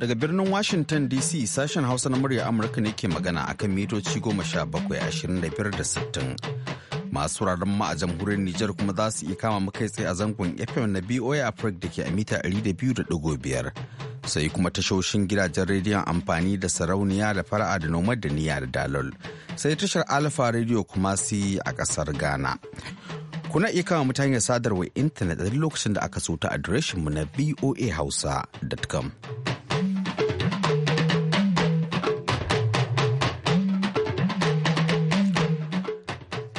Daga birnin Washington DC sashen Hausa na murya Amurka ne ke magana a kan mitoci goma sha bakwai ashirin da biyar da sittin. Masu wuraren ma a jamhuriyar Nijar kuma za su iya kama makai tsaye a zangon FM na BOA Africa da ke a mita ɗari da biyu da ɗigo biyar. Sai kuma tashoshin gidajen rediyon amfani da sarauniya da fara'a da nomad da niyya da dalol. Sai tashar Alfa rediyo kuma si a ƙasar Ghana. Kuna iya kama mutane ta sadarwar intanet a lokacin da aka so ta adireshinmu na hausa.com.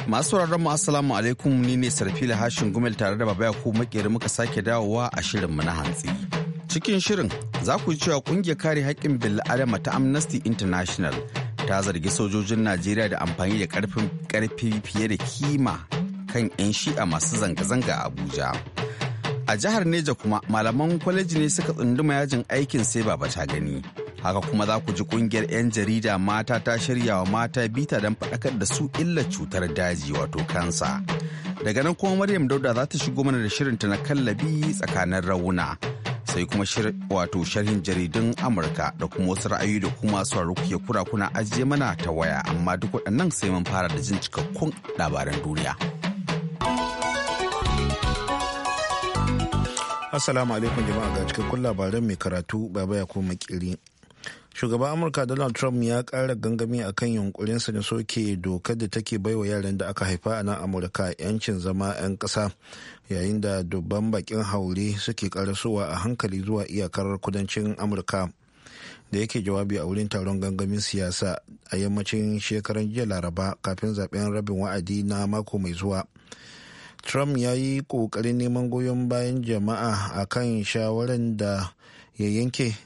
Masu mu Assalamu alaikum ni ne Sarfila Hashin Gumel tare da Baba Yakubu makeri muka sake dawowa a shirin mu na hantsi. Cikin shirin za ku ji cewa kungiyar kare haƙƙin bil'adama ta Amnesty International ta zargi sojojin Najeriya da amfani da ƙarfin ƙarfi fiye da kima kan 'yan shi'a masu zanga-zanga a Abuja. A jihar Neja kuma malaman kwaleji ne suka tsunduma yajin aikin sai baba ta gani. haka kuma za ku ji kungiyar 'yan jarida mata ta shirya wa mata bita don faɗakar da su illar cutar daji wato kansa daga nan kuma maryam dauda za ta shigo mana da shirinta na kallabi tsakanin rauna sai kuma wato sharhin jaridun amurka da kuma wasu ra'ayi da kuma sauraro kuke kura kuna ajiye mana ta waya amma duk waɗannan sai mun fara da jin cikakkun labaran duniya assalamu alaikum jama'a ga cikakkun labaran mai karatu baba ya kuma makiri shugaban amurka donald trump ya kara gangami a kan yunkurinsa na soke dokar da take baiwa yaran da aka haifa a nan amurka 'yancin zama 'yan ƙasa yayin da dubban bakin haure suke karasowa a hankali zuwa iyakar kudancin amurka da yake jawabi a wurin taron gangamin siyasa a yammacin shekaran jiya laraba kafin zaben rabin wa'adi na mako mai zuwa trump ya yi kokarin neman goyon bayan jama'a a kan shawarar da ya yanke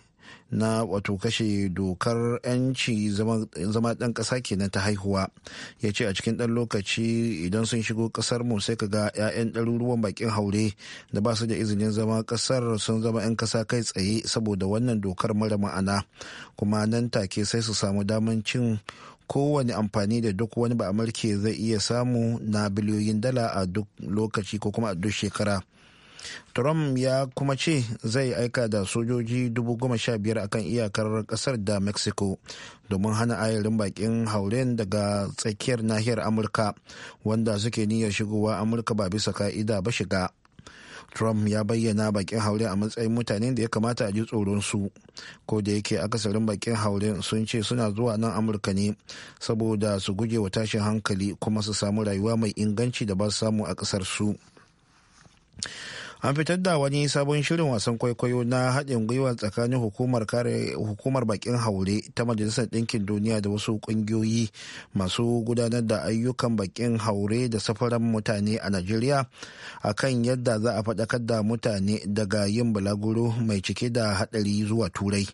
na wato kashe dokar 'yanci zama ɗan ƙasa kenan ta haihuwa ya ce a cikin ɗan lokaci idan sun shigo ƙasar mu sai ka ga 'ya'yan ɗaruruwan bakin haure da ba su da izinin zama ƙasar sun zama 'yan ƙasa kai tsaye saboda wannan dokar mara ma'ana kuma nan take sai su samu daman cin kowane amfani da duk wani ba zai iya samu na biliyoyin dala a duk lokaci ko kuma a duk shekara trump ya kuma ce zai aika da sojoji dubu sha 15,000 akan iyakar kasar da mexico domin hana ayarin bakin hauren daga tsakiyar nahiyar amurka wanda suke niyyar shigowa amurka ba bisa ka'ida ba shiga trump ya bayyana bakin haure a matsayin mutanen da ya kamata a ji tsoronsu ko da yake akasarin bakin haure sun ce suna zuwa nan amurka ne saboda su guje wa tashin hankali kuma su samu rayuwa mai inganci da ba su samu a kasar su an fitar da wani sabon shirin wasan kwaikwayo na haɗin gwiwa tsakanin hukumar kare hukumar bakin haure ta majalisar ɗinkin duniya da wasu ƙungiyoyi masu gudanar da ayyukan bakin haure da safaran mutane a najeriya kan yadda za a faɗakar da mutane daga yin balaguro mai cike da haɗari zuwa turai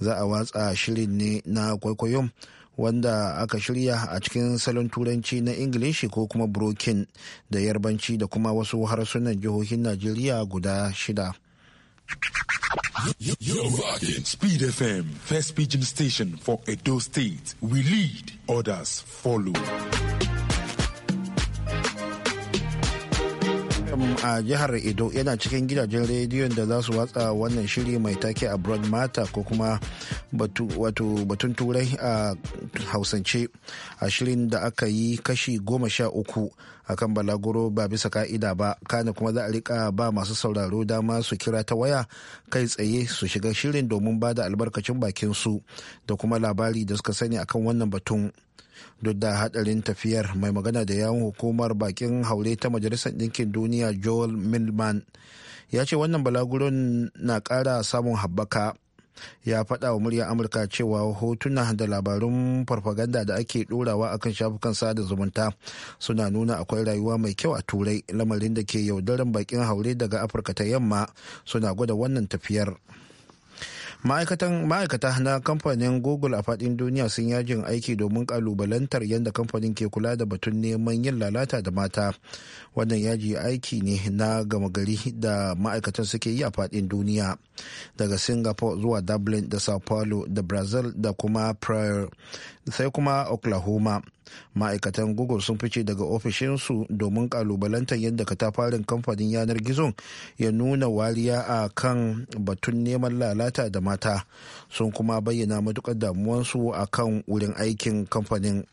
za a watsa shirin ne na kwaikwayon wanda aka shirya a cikin salon turanci na ingilishi ko kuma brokin da yarbanci da kuma wasu harsunan jihohin najeriya guda shida Speed FM, first station for Edo State. lead, others follow. a jihar Edo yana cikin gidajen rediyon da za su watsa wannan shiri mai take a broad mata ko kuma batun turai a hausance a shirin da aka yi kashi goma sha uku a kan balaguro ba bisa ka'ida ba kana kuma za a rika ba masu sauraro dama su kira ta waya kai tsaye su shiga shirin domin ba da albarkacin bakin su da kuma labari da suka sani akan wannan batun. duk da hadarin tafiyar mai magana da yawun hukumar bakin haure ta majalisar ɗinkin duniya joel milman ya ce wannan balaguron na ƙara samun haɓaka ya faɗa wa muryar amurka cewa hotuna da labarun farfaganda da ake ɗorawa akan shafukan sada zumunta suna nuna akwai rayuwa mai kyau a turai lamarin da ke yaudaran bakin haure daga afirka ta yamma suna gwada wannan tafiyar. ma'aikata na kamfanin google a fadin duniya sun yajin aiki domin kalubalantar yadda kamfanin ke kula da batun neman yin lalata da mata wannan yaji aiki ne na gama gari da ma'aikatan suke yi a fadin duniya daga singapore zuwa dublin da sao paulo da brazil da kuma prior sai kuma oklahoma ma'aikatan google sun fice daga ofishinsu domin kalubalantar yadda katafarin kamfanin yanar gizon ya nuna wariya a kan batun neman lalata da mata sun kuma bayyana matukar damuwansu a kan wurin aikin kamfanin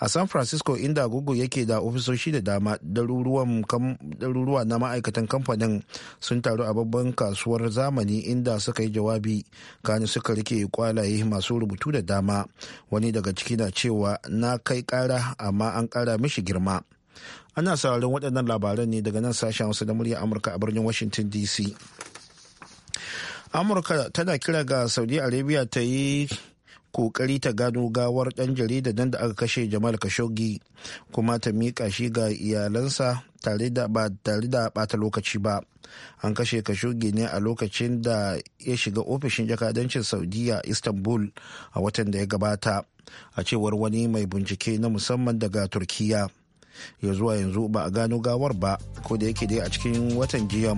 a san francisco inda google yake da ofisoshi da dama daruruwa na ma'aikatan kamfanin sun taru a babban kasuwar zamani inda suka yi jawabi kani suka rike kwalaye masu rubutu da dama wani daga ciki na cewa na kai kara amma an kara mishi girma ana sauraron waɗannan labaran ne daga nan sashen wasu da murya amurka a birnin washington dc amurka tana kira ga saudi arabia ta yi kokari ta gano gawar dan jarida nan da aka kashe jamal khashoggi kuma ta miƙa shi ga iyalansa tare da ba tare da bata lokaci ba an kashe khashoggi ne a lokacin da ya shiga ofishin jakadancin saudiya istanbul a watan da ya gabata a cewar wani mai bincike na musamman daga turkiya ya zuwa yanzu ba a gano gawar ba ko da yake dai a cikin watan jiya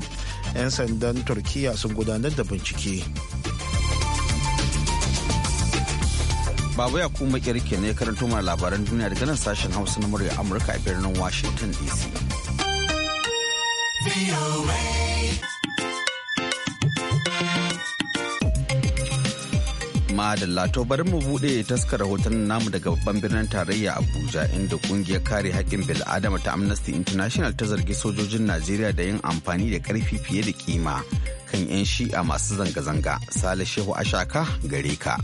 'yan sandan turkiya sun gudanar da bincike. Babu ya kuma kirke ne karanto mana labaran duniya daga nan sashen Hausa na murya Amurka a birnin Washington DC. Madalla to bari mu bude taskar rahoton namu daga babban birnin tarayya Abuja inda kungiyar kare haƙƙin bil'adama ta Amnesty International ta zargi sojojin Najeriya da yin amfani da ƙarfi fiye da kima kan 'yan shi'a masu zanga-zanga. Sale Shehu Ashaka gare ka.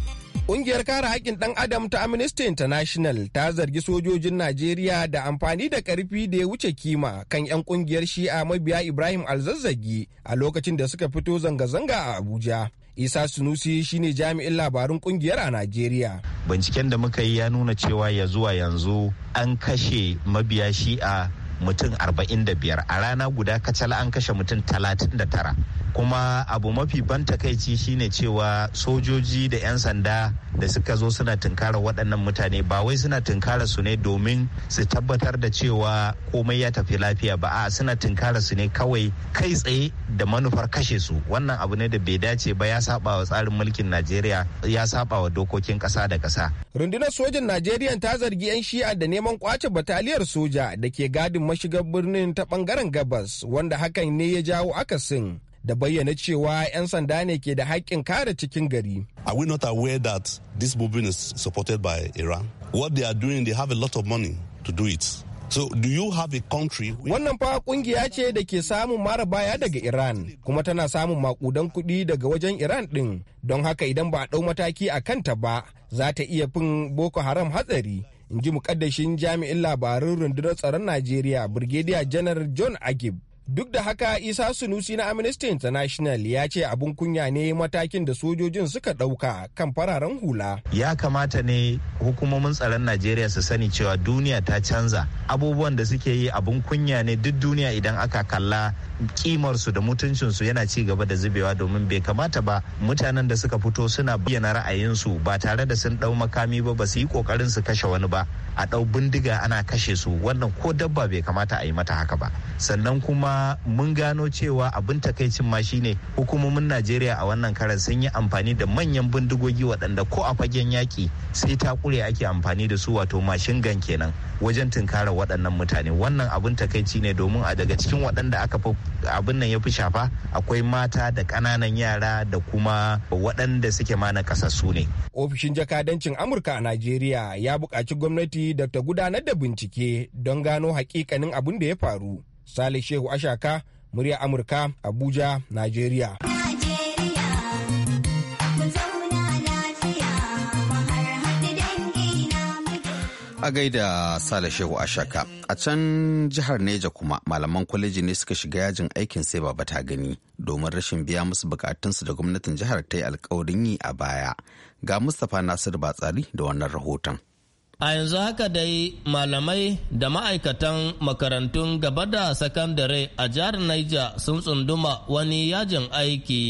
Ƙungiyar kare haƙƙin ɗan Adam ta Amnesty International ta zargi sojojin Najeriya da amfani da ƙarfi da ya wuce kima kan 'yan ƙungiyar Shi'a mabiya Ibrahim Alzazzagi a lokacin da suka fito zanga-zanga a Abuja. Isa Sunusi shine jami'in labarun ƙungiyar a Najeriya. Binciken da muka yi ya nuna cewa ya zuwa yanzu an kashe mabiya Shi'a mutum 45 a rana guda kacal an kashe mutum 39 kuma abu mafi ban takaici shine cewa sojoji da 'yan sanda da suka zo suna tunkara waɗannan mutane ba wai suna tunkara su ne domin su tabbatar da cewa komai ya tafi lafiya ba a suna tunkara su ne kawai kai tsaye da manufar kashe su wannan abu ne da bai dace ba ya saba wa tsarin mulkin najeriya ya saba wa dokokin ƙasa da kasa. rundunar sojin najeriya ta zargi 'yan shi'a da neman kwace bataliyar soja da ke gadin mashigar birnin ta bangaren gabas wanda hakan ne ya jawo akasin da bayyana cewa 'yan sanda ne ke da haƙƙin kare cikin gari. Are we not aware that this movement is supported by Iran? What they are doing, they have a lot of money to do it. So do you have a country? Wannan fa kungiya ce da ke samun mara baya daga Iran kuma tana samun makudan kuɗi daga wajen Iran ɗin don haka idan ba a ɗau mataki a kanta ba za ta iya fin Boko Haram hatsari. in ji mukaddashin jami'in labarin rundunar tsaron najeriya brigadier janar john agib duk da haka isa sunusi na amnesty international ya ce abun kunya ne matakin da sojojin suka ɗauka kan fararen hula ya kamata ne hukumomin tsaron najeriya su sani cewa duniya ta canza abubuwan da suke yi abun kunya ne duk duniya idan aka kalla kimarsu da mutuncinsu yana ci gaba da zubewa domin bai kamata ba mutanen da suka fito suna bayyana ra'ayinsu ba tare da sun ɗau makami ba ba su yi kokarin su kashe wani ba a ɗau bindiga ana kashe su wannan ko dabba bai kamata a yi mata haka ba sannan kuma mun gano cewa abin takaicin ma shine hukumomin najeriya a wannan karan sun yi amfani da manyan bindigogi waɗanda ko a fagen yaki sai ta kure ake amfani da su wato mashin gan kenan wajen tunkara waɗannan mutane wannan abin takaici ne domin a daga cikin waɗanda aka fi abin nan ya fi shafa akwai mata da ƙananan yara da kuma waɗanda suke ma na ƙasassu ne. Ofishin jakadancin Amurka a Najeriya ya buƙaci gwamnati da ta gudanar da bincike don gano hakikanin abin da ya faru. Salih Shehu Ashaka, murya Amurka, Abuja, Najeriya. a gaida sale shehu a shaka a can jihar neja kuma malaman kwaleji ne suka shiga yajin aikin sai baba ta gani domin rashin biya musu bukatunsu da gwamnatin jihar ta yi alkawarin yi a baya ga mustapha nasir batsari da wannan rahoton A yanzu haka dai malamai da ma'aikatan makarantun gaba da sakandare a jihar Niger sun tsunduma wani yajin aiki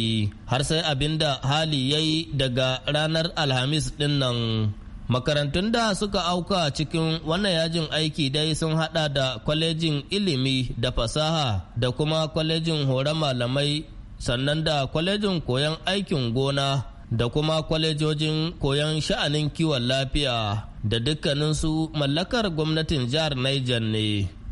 har sai abinda hali ya yi daga ranar Alhamis ɗinnan. makarantun da suka auka cikin wannan yajin aiki dai sun hada da kwalejin ilimi da fasaha da kuma kwalejin horon malamai sannan da kwalejin koyon aikin gona da kuma kwalejojin koyon sha'anin kiwon lafiya da dukkaninsu mallakar gwamnatin jihar niger ne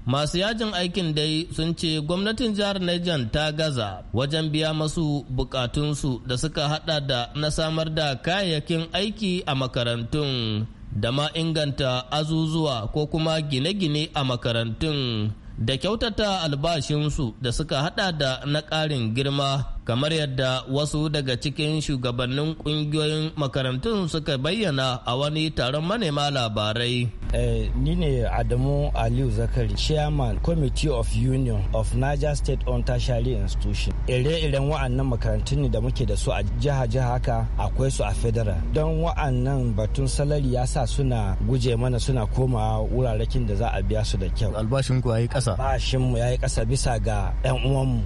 Masu yajin aikin dai sun ce gwamnatin jihar Niger ta gaza wajen biya masu bukatunsu da suka hada da na samar da kayayyakin aiki a makarantun da ma inganta azuzuwa ko kuma gine-gine a makarantun da kyautata albashinsu da suka hada da na ƙarin girma kamar yadda wasu daga cikin shugabannin kungiyoyin makarantun suka bayyana a wani taron manema labarai. Eh, ni ne Adamu Aliyu Zakari, Chairman Committee of Union of Niger State on Tertiary Institution. Ire-iren wa'annan makarantun ne da muke da su a jiha-jiha haka akwai su a federal. Don wa'annan batun salari ya sa suna guje mana suna koma wurarekin da za a biya su da kyau. Albashin ku ya yi ƙasa? Albashin mu ya ƙasa bisa ga 'yan uwanmu.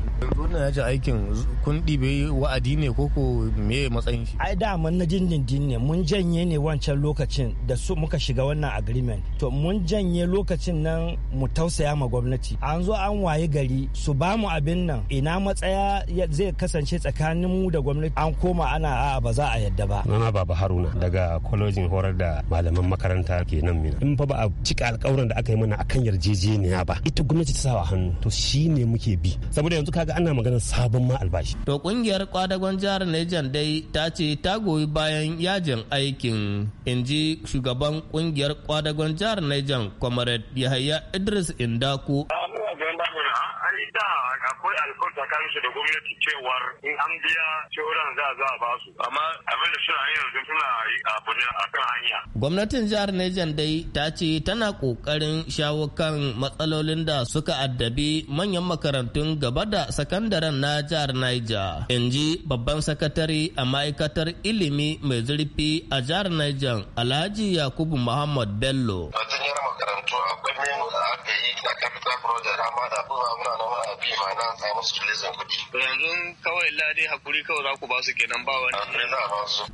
kun ɗibe wa'adi ne ko ko me matsayin shi ai da na dindindin ne mun janye ne wancan lokacin da su muka shiga wannan agreement to mun janye lokacin nan mu tausaya ma gwamnati an zo an waye gari su ba mu abin nan ina matsaya zai kasance tsakanin mu da gwamnati an koma ana a ba za a yadda ba nana baba haruna daga kwalojin horar da malaman makaranta kenan mina in fa ba a cika alƙawuran da aka yi mana akan yarjejeniya ba ita gwamnati ta sawa hannu to shine muke bi saboda yanzu kaga ana maganar sabon ma albashi To kungiyar kwadagon jihar Niger dai ta ce ta goyi bayan yajin aikin in ji shugaban kungiyar kwadagon jihar Niger Comrade Yahaya Idris Indaku. alkawar tsakanin su da gwamnati cewar in an biya cewar za za a ba amma abin da suna yi yanzu suna abu ne a kan hanya. Gwamnatin jihar Nejan dai ta ce tana kokarin shawo kan matsalolin da suka addabi manyan makarantun gaba da sakandaren na jihar Niger. In ji babban sakatare a ma'aikatar ilimi mai zurfi a jihar Niger Alhaji Yakubu Muhammad Bello. A makarantu aka yi a Capital Project amma da muna bi ma nan yanzu kawai ladi hakuri kawai za ku ba su kenan ba wani.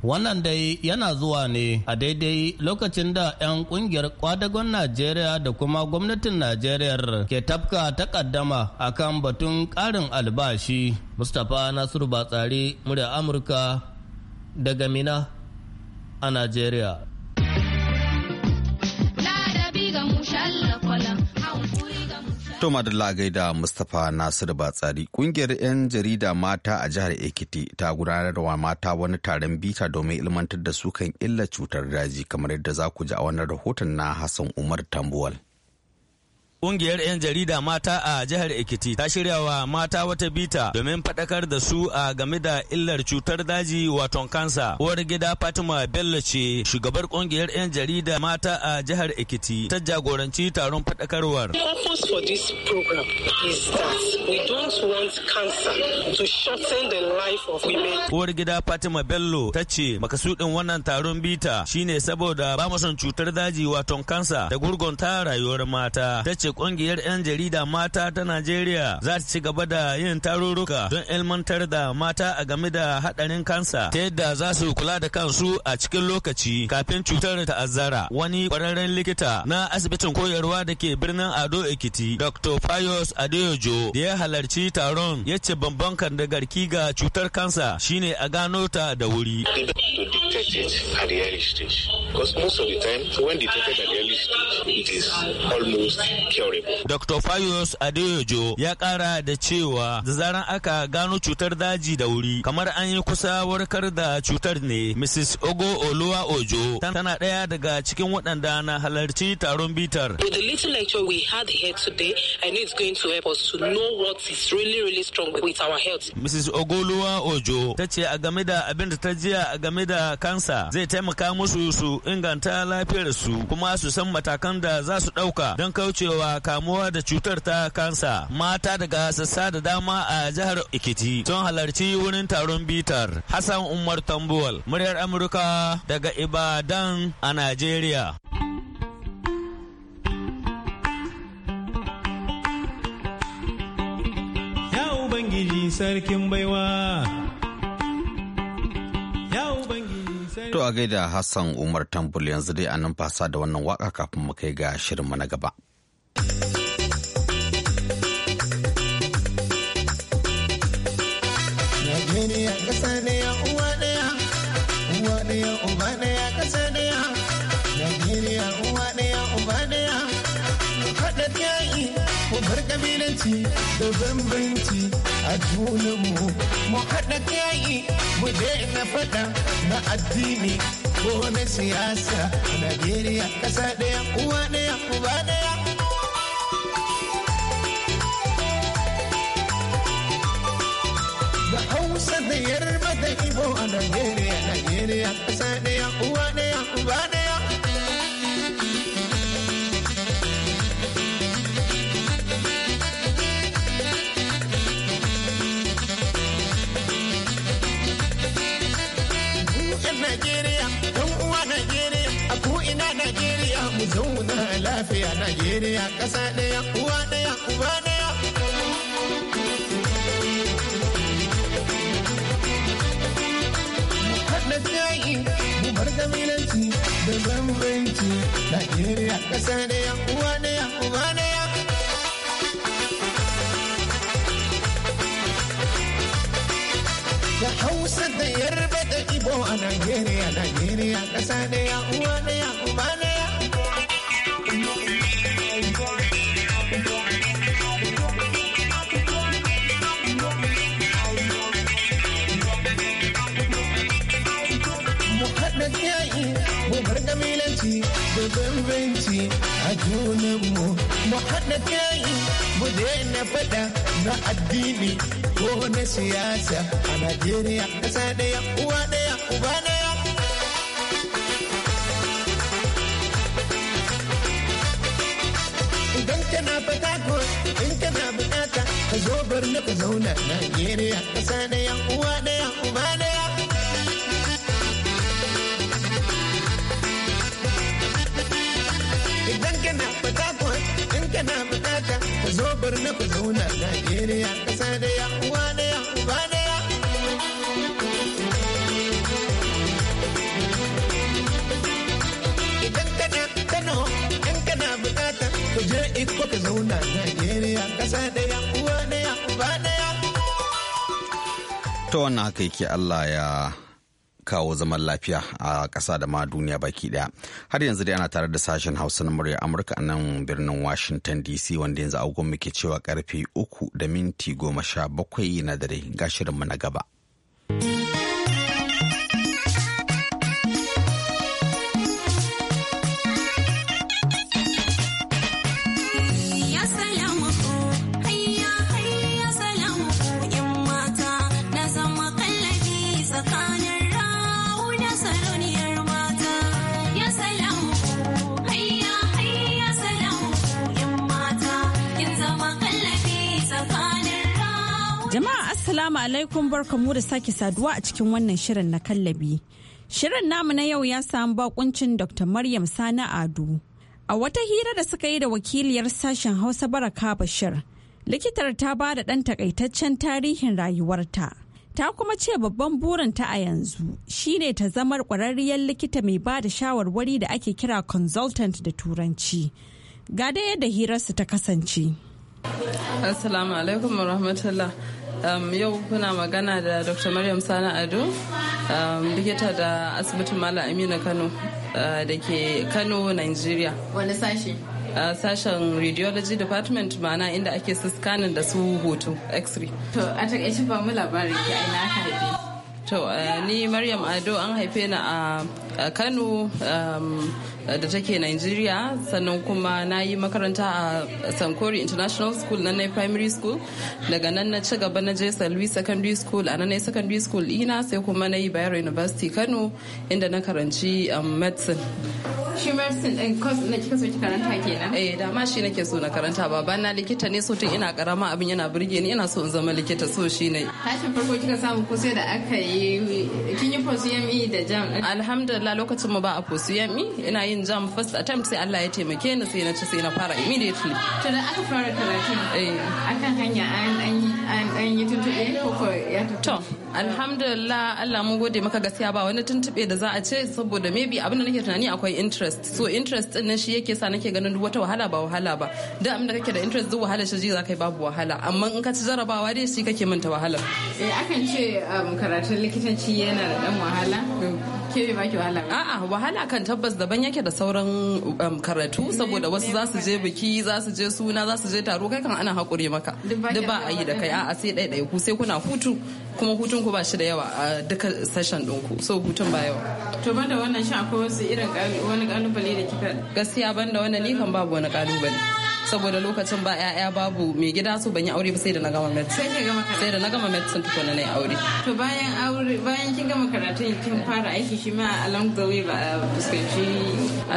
wannan dai yana zuwa ne a daidai lokacin da 'yan kungiyar kwadagon najeriya da kuma gwamnatin najeriya ke tafka a kan batun ƙarin albashi mustapha nasiru batsari murya amurka daga mina a najeriya To Madalla gaida Mustapha Nasiru Batsari kungiyar 'yan jarida mata a jihar Ekiti ta gudanar da mata wani taron bita domin ilmantar da su kan illa cutar daji kamar yadda za ku ji a wannan rahoton na Hassan Umar Tambuwal. Ƙungiyar 'yan jarida mata a jihar Ekiti ta shirya wa mata wata bita domin faɗakar da su a game da illar cutar daji wato kansa. Uwar gida Fatima Bello ce shugabar ƙungiyar 'yan jarida mata a jihar Ekiti ta jagoranci taron faɗakarwar. purpose for this program is that we don't want cancer to shorten the life of women. Uwar gida Fatima Bello ta ce makasudin wannan taron bita shine saboda ba son cutar daji wato kansa da gurgunta rayuwar mata. Ta ce ce kungiyar 'yan jarida mata ta Najeriya za ta ci gaba da yin tarurruka don ilmantar da mata a game da hadarin kansa ta yadda za su kula da kansu a cikin lokaci kafin cutar ta'azzara. Wani kwararren likita na asibitin koyarwa da ke birnin Ado Ekiti, Dr. Fayos Adeyojo, da ya halarci taron ya ce bambam kandagarki ga cutar kansa shine a gano ta da wuri. Because most of the time, when detected at the early stage, it is almost Dr. Fayos Adeyojo ya kara da cewa da zaran aka gano cutar daji da wuri kamar an yi kusa warkar da cutar ne. Mrs. Ogo Oluwa Ojo tana ɗaya daga cikin waɗanda na halarci taron bitar. With the little lecture we had here today, I know it's going to help us to know what is really really strong with our health. Mrs. Oluwa Ojo ta ce a game da abin da ta jiya a game da kansa zai taimaka musu su inganta lafiyar su kuma su san matakan da za su ɗauka don kaucewa A kamuwa da cutar ta kansa mata daga sassa da dama a jihar Ikiti sun halarci wurin taron bitar Hassan Umar Tambuwal muryar Amurka daga Ibadan a Najeriya. Ubangiji sarkin To a gaida Hassan Umar Tambul yanzu dai a nan fasa da wannan waka kafin mu kai ga shirinmu na gaba. Najeriya ƙasa ya uwa ɗaya, uwa ɗaya uba ɗaya Najeriya uwa yayi mu da bambanci a junanmu. Mu haɗa yayi mu daina faɗa na addini ko na siyasa. Najeriya ƙasa ɗaya uwa ɗaya uba ɗaya. sarauniyar mata ibo a Najeriya, Najeriya, ƙasa ɗaya, uwa ɗaya, uba ɗaya. Najeriya, mu zauna lafiya Najeriya, ƙasa ɗaya, uwa ɗaya, uba ɗaya. bar kabilanci da bambanci Najeriya da da Hausa da Yarba da Ibo a Najeriya, Najeriya ƙasa da da da bambanci a junanmu mu haɗa kai mu daina faɗa na addini ko na siyasa a Najeriya ƙasa uwa ɗaya uba in kana buƙata ka zo bar na ka zauna Najeriya ƙasa uba ɗaya. birni ku zauna Najeriya ƙasa da ya da da Idan in kana ku je iko ka zauna Najeriya ƙasa da ya da da wannan haka yake Allah ya kawo zaman lafiya a ƙasa da ma duniya baki ɗaya. Har yanzu dai ana tare da sashen Hausa na murya Amurka a nan birnin Washington DC wanda yanzu agon muke cewa karfe uku da minti goma sha bakwai na dare ga shirinmu na gaba. Jama'a Assalamu alaikum barkamu da sake saduwa a cikin wannan shirin na kallabi. Shirin namu na yau ya samu bakuncin Dr. Maryam Sani Ado. A wata hira da suka yi da wakiliyar sashen Hausa Baraka Bashir, likitar ta ba da ɗan takaitaccen tarihin rayuwarta. Ta kuma ce babban burinta a yanzu shine ta zamar ƙwararriyar likita mai ba da shawarwari da ake kira consultant da turanci. Ga da yadda hirarsu ta kasance. Assalamu alaikum wa rahmatullah. Um, yau kuna magana da Dr. Maryam Sani Ado, um, likita da asibitin Malam Aminu Kano uh, da ke Kano, Nigeria. Wani sashe? Uh, sashen radiology department mana inda ake su scanning da su hoto x-ray. To, a takaice ba mu labarin ki ina aka haife. To, uh, ni Maryam Ado an haife ni a Kano um, da take nigeria sannan kuma na yi makaranta a sankori international school na nai primary school daga nan na ci gaba na je salwi secondary school a nan nai secondary school ina sai kuma na yi bayero university kano inda na karanci um, medicine shi medicine din course na kika so ki karanta kenan eh dama shi nake so na karanta baba na likita ne so tun ina karama abin yana burge ni ina so in zama likita so shi ne tashin farko kika samu ko sai da aka yi kin yi post e da jam alhamdulillah lokacin mu ba a post e. ina yin yin jam first attempt sai Allah ya taimake ni sai na ci sai na fara immediately to da aka fara karatu eh akan hanya an an an yi tuntube ko ko ya to alhamdulillah Allah mun gode maka gaskiya ba wani tuntube da za a ce saboda maybe abin da nake tunani akwai interest so interest din shi yake sa nake ganin duk wata wahala ba wahala ba da abin da kake da interest duk wahala shi za kai babu wahala amma in ka ci jarabawa dai shi kake manta wahala eh akan ce um, karatun likitanci yana da dan wahala ke ba ki wahala a'a wahala kan tabbas daban yake da sauran um, karatu saboda wasu za su je biki za su je suna za su je taro kai kan ana hakuri maka duk ba a yi da kai a'a sai ɗaiɗai ku sai kuna hutu kuma hutun ku ba shi da yawa a duka session ku so hutun ba yawa to banda wannan shi akwai wasu irin wani kalubale da kika gaskiya banda wannan ni kan babu wani kalubale saboda lokacin ba 'ya'ya babu mai gida so ban yi aure ba sai da na gama met. sai da na gama met sun tukuna na yi aure to bayan aure bayan kin gama karatu kin fara aiki shi ma along the way ba fuskanci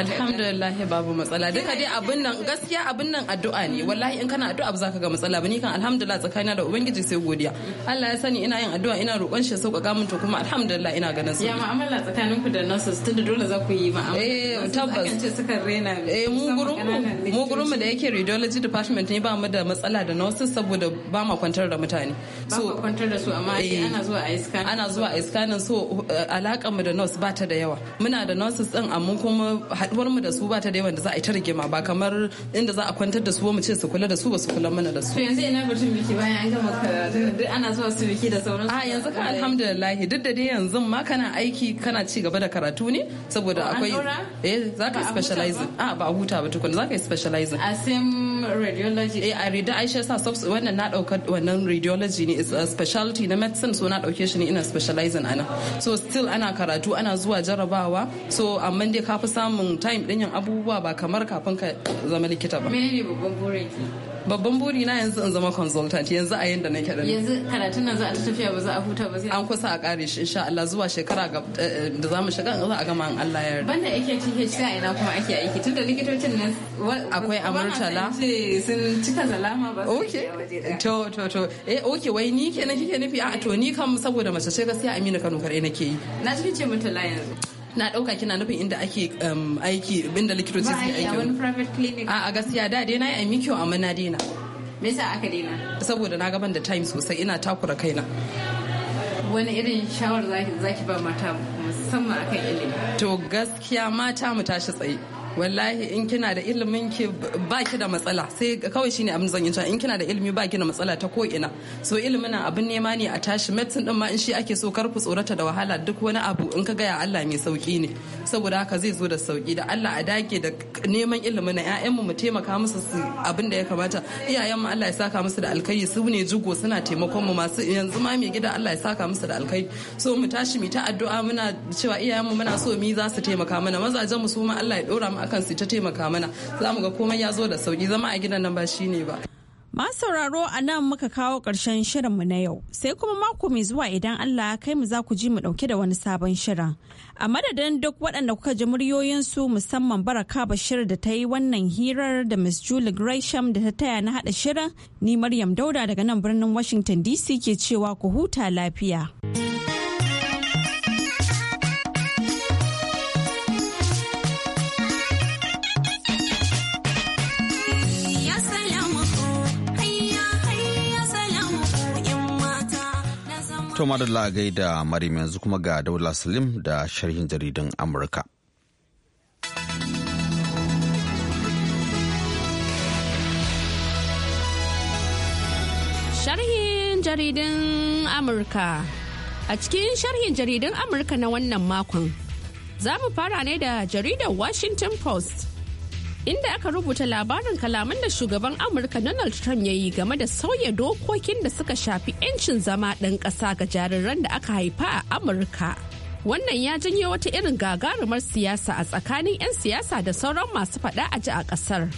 alhamdulillah babu matsala duka dai abin nan gaskiya abin nan addu'a ne wallahi in kana addu'a ba za ka ga matsala ba ni kan alhamdulillah tsakanina da ubangiji sai godiya Allah ya sani ina yin addu'a ina roƙon shi sauƙaƙa min to kuma alhamdulillah ina ganin su ya mu'amala tsakaninku da nasu tunda dole za ku yi mu'amala eh tabbas eh mu gurin mu gurin mu da yake radiology department ne ba mu da matsala da nurses saboda ba ma kwantar da mutane so kwantar da su amma eh, ana zuwa a scan ana zuwa a scan so eh, alakar mu da nurse ba ta da yawa muna da nurses din amma kuma haduwar mu da su ba ta da yawa da za a yi ta rigima ba kamar inda za a kwantar da su mu ce su kula da su ba su kula mana da su to yanzu ina batun biki bayan an gama karatu duk ana zuwa su biki da sauransu a yanzu kan alhamdulillah duk da dai yanzu ma kana aiki kana ci gaba da karatu ne saboda akwai eh ka specialize a ba huta ba tukun ka specialize a same Mm. radiology eh, a rida aisha sa subs wannan na dauka wannan radiology ne is a specialty na medicine so na dauke shi ne ina specializing ana so still ana karatu ana zuwa jarabawa so amma dai ka fi samun time din yin abubuwa ba kamar kafin ka zama likita ba menene babban burin babban buri na yanzu in zama consultant yanzu a yanda nake da yanzu karatun nan za a tafiya ba za a huta ba sai an kusa a kare shi insha Allah zuwa shekara ga eh, eh, da za mu shiga za a gama in Allah ya yarda banda ake THC ina kuma ake aiki tunda likitocin nan akwai amurtala ne sun cika salama ba su okay. to to to eh okay wai ni kenan kike nufi a to ni kam saboda mace ce gaskiya Aminu Kano kare nake yi na ji ce mun tala yanzu na dauka kina nufin inda ake um, aiki inda likitoci suke aiki ba a wani private clinic a gaskiya da dai na yi amikyo amma na dena me yasa aka dena saboda na gaban da time sosai ina takura kaina wani irin shawar zaki ba mata musamman akan ilimi to gaskiya mata mu tashi tsaye wallahi in kina da ilimin ki ba ki da matsala sai kawai shine abin zan yi in kina da ilimi ba ki da matsala ta ko ina so ilimin abin nema ne a tashi medicine din ma in shi ake so kar ku tsorata da wahala duk wani abu in ka gaya Allah mai sauki ne saboda haka zai zo da sauki da Allah a dake da neman ilimin na ƴaƴanmu mu taimaka musu su abin da ya kamata iyayenmu Allah ya saka musu da alkai su ne jugo suna taimakon mu masu yanzu ma mai gida Allah ya saka musu da alkai so mu tashi mu ta addu'a muna cewa iyayenmu muna so mi za su taimaka mana mazajen mu su ma Allah ya dora mu akan su ta taimaka mana za mu ga komai ya zo da sauki zama a gidan nan ba shi ne ba masauraro sauraro a nan muka kawo ƙarshen shirinmu na yau, sai kuma mako mai zuwa idan Allah kai mu za ku ji mu ɗauke da wani sabon shirin. A madadin duk waɗanda kuka ji muryoyinsu musamman Baraka Bashir da ta yi wannan hirar da Miss Julie Gresham da ta taya na haɗa shirin, ni Maryam Dauda daga nan birnin Washington DC ke cewa ku huta lafiya. To madalla a gaida Maryam yanzu kuma ga Daula Salim da sharhin jaridan Amurka. Sharhin jaridan Amurka A cikin sharhin jaridan Amurka na wannan makon, za mu fara ne da jaridar Washington Post. inda aka rubuta labarin kalaman da shugaban amurka donald trump ya yi game da sauya dokokin da suka shafi 'yancin zama ɗan ƙasa ga jariran da aka haifa a amurka wannan ya janyo wata irin gagarumar siyasa a tsakanin 'yan siyasa da sauran masu faɗa a ji a ƙasar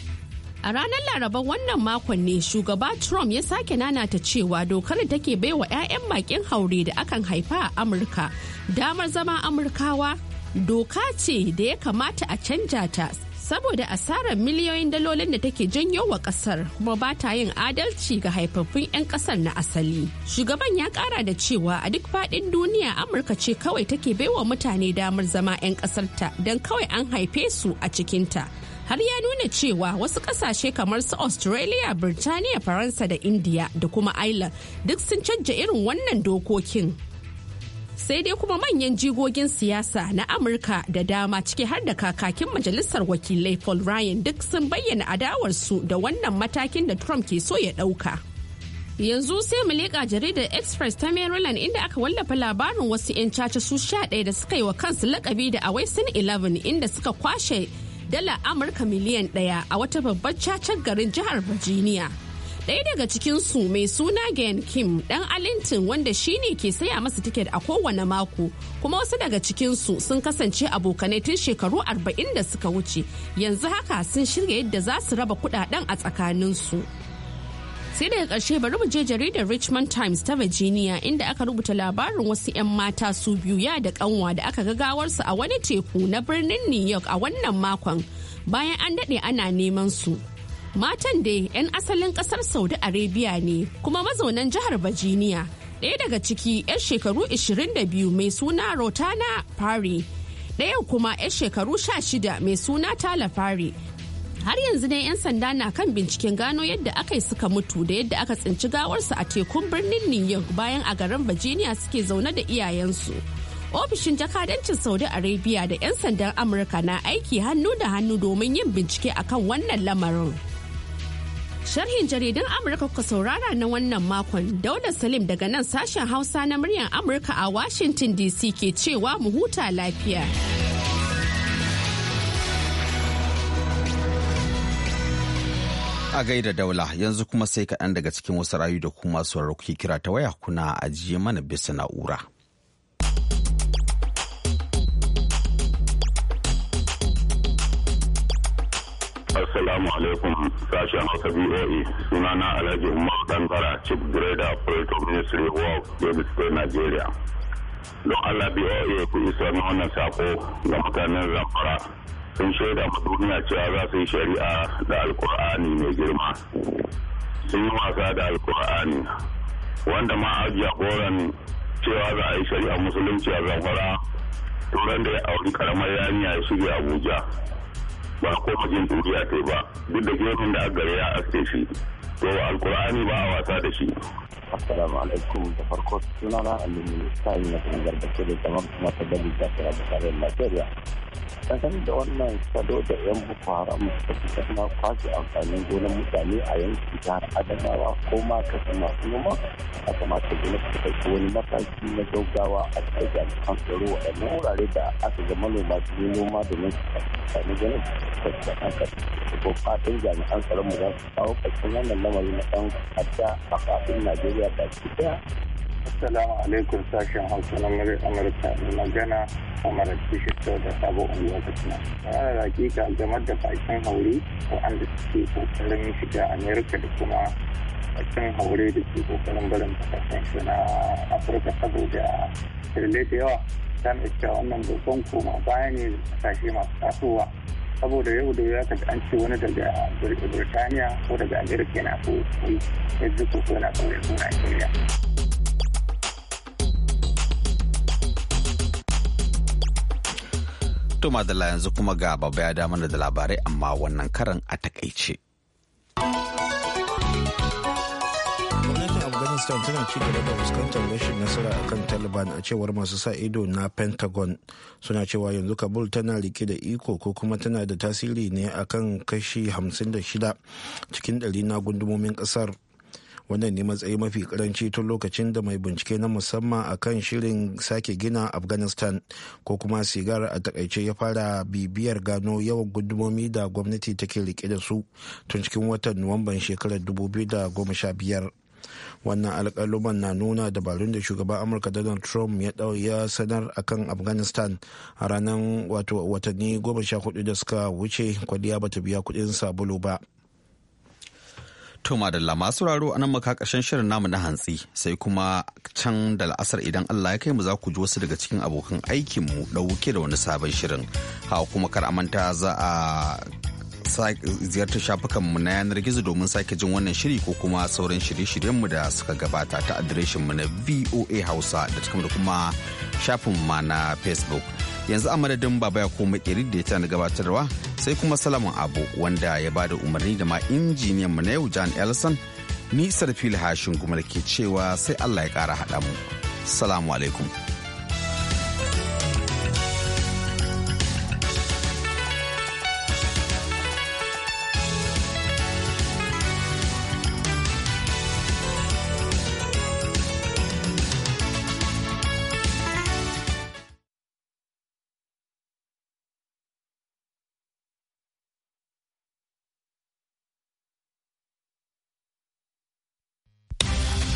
a ranar laraba wannan makon ne shugaba trump ya sake nanata cewa dokar da take baiwa 'ya'yan bakin haure da akan haifa a amurka damar zama amurkawa doka ce da ya kamata a canja ta saboda asarar miliyoyin dalolin da take janyo wa kasar kuma ba ta yin adalci ga haifaffun 'yan kasar na asali shugaban ya kara da cewa a duk faɗin duniya amurka ce kawai take baiwa mutane damar zama 'yan ƙasarta, don kawai an haife su a cikinta har ya nuna cewa wasu ƙasashe kamar su australia birtaniya faransa da india da kuma ireland duk sun canja irin wannan dokokin sai dai kuma manyan jigogin siyasa na amurka da dama ciki har da kakakin majalisar wakilai paul ryan duk sun bayyana adawarsu da wannan matakin da trump ke so ya dauka. yanzu sai mu leƙa jaridar express ta maryland inda aka wallafa labarin wasu 'yan caca su sha ɗaya da suka yi wa kansu lakabi da awaisin 11 inda suka kwashe dala amurka miliyan ɗaya a wata babbar cacar garin jihar virginia Ɗaya daga cikinsu mai suna Gen Kim ɗan Alintin wanda shine ke saya masa tiket a kowane mako kuma wasu daga cikinsu sun kasance abokanai tun shekaru arba'in da suka wuce yanzu haka sun shirya yadda za su raba kudaden a tsakaninsu. sai daga ƙarshe bari mu je jaridar richmond times ta virginia inda aka rubuta labarin wasu 'yan mata su biyu ya da kanwa da aka ga gawarsu a wani teku na birnin new york a wannan makon bayan an daɗe ana neman su Matan dai 'yan asalin kasar Saudi Arabia ne kuma mazaunan jihar Virginia. Ɗaya daga ciki 'yar shekaru 22 mai suna Rotana Fari. Ɗaya kuma 'yar shekaru 16 mai suna Tala Fari. Har yanzu ne 'yan sanda na kan binciken gano yadda aka yi suka mutu da yadda aka tsinci gawarsu a tekun birnin New York bayan a garin Virginia suke zaune da iyayensu. ofishin jakadancin saudi arabia da 'yan sandan amurka na aiki hannu da hannu domin yin bincike akan wannan lamarin. Sharhin jaridun Amurka kuka saurara na wannan makon Dauda Salim daga nan sashen Hausa na muryar Amurka a Washington DC ke cewa mu huta lafiya. A gaida daula yanzu kuma sai kaɗan daga cikin wasu rayu da kuma sauraro kira ta waya kuna ajiye mana bisa na'ura. Assalamu alaikum sashen Hausa BOA e. sunana Alhaji Umar Dangara Chief Grader Operator Ministry Work Davis State Nigeria. Don Allah BOA e, ku isa na wannan sako ga mutanen Zamfara sun shaida mu duniya cewa za su yi shari'a da Alkur'ani mai girma. Sun yi wasa da Alkur'ani wanda ma a jagoran cewa za a yi shari'a musulunci a Zamfara turan da ya auri karamar yarinya ya shige Abuja. ba ko jin turi ta ba duk da gefen da aka gare ya aske shi to alkur'ani ba a wasa da shi assalamu alaikum da farko suna na alimu sa'in na kan ke da zaman kuma ta gani da tare da tarayyar najeriya dangane da wannan sado da yan boko haram da suka na kwashe amfanin gonar mutane a yankin jihar adamawa ko ma san masu noma a kamata gwamnati ta ko wani mataki na gaugawa a cikin jami'an tsaro a 'yan wurare da aka ga manoma su yi noma domin su sami ganin da suka kasu ko fatan jami'an tsaron mu za su kawo san wannan lamarin na ɗan ƙasa a kafin na. Najeriya ta ci daya. Assalamu alaikum sashen Hausa na Murai Amurka mai magana Amara Kishito da Sabo Unguwa Katsina. Tsara hakika game da bakin haure waɗanda suke kokarin shiga Amerika da kuma bakin haure da ke kokarin barin kasashen su na Afirka saboda dalilai da yawa. Zan mai wannan babban koma baya ne da kasashe masu tasowa saboda yau da ya an ce wani daga birtaniya ko daga amerika na ko ya ji ko na ko ya zo nigeria To madalla yanzu kuma ga babba ya da mana da labarai amma wannan karan a takaice. afghanistan tana ci gaba da fuskantar rashin nasara akan taliban a cewar masu sa ido na pentagon suna cewa yanzu kabul tana rike da iko ko kuma tana da tasiri ne akan kashi 56 cikin ɗari na gundumomin ƙasar wannan ne matsayi mafi karanci tun lokacin da mai bincike na musamman a kan shirin sake gina afghanistan ko kuma sigar a takaice ya fara bibiyar gano yawan gudumomi da gwamnati take rike da su tun cikin watan nuwamban shekarar 2015 wannan alkaluman na nuna dabarun da shugaban amurka donald trump ya ya sanar akan afghanistan a ranar wato watanni goma sha hudu da suka wuce kwaliya bata biya kudin sabulu ba To madalla masu raro anan maka ƙarshen shirin namu na hantsi sai kuma can da la'asar idan Allah ya kai mu za ku ji wasu daga cikin abokan aikinmu ɗauke da wani sabon shirin. Hawa kuma kar a manta za a ziyartar shafukanmu na yanar gizo domin sake jin wannan shiri ko kuma sauran shirye-shiryenmu da suka gabata ta mu na voa hausa da kuma shafin ma na facebook yanzu a madadin baba ya koma kiri da ya tana gabatarwa sai kuma salamun abu wanda ya ba da umarni da ma injiniyanmu na yau john ellison ni sarfil hashin gumar ke cewa sai allah ya kara haɗa mu salamu alaikum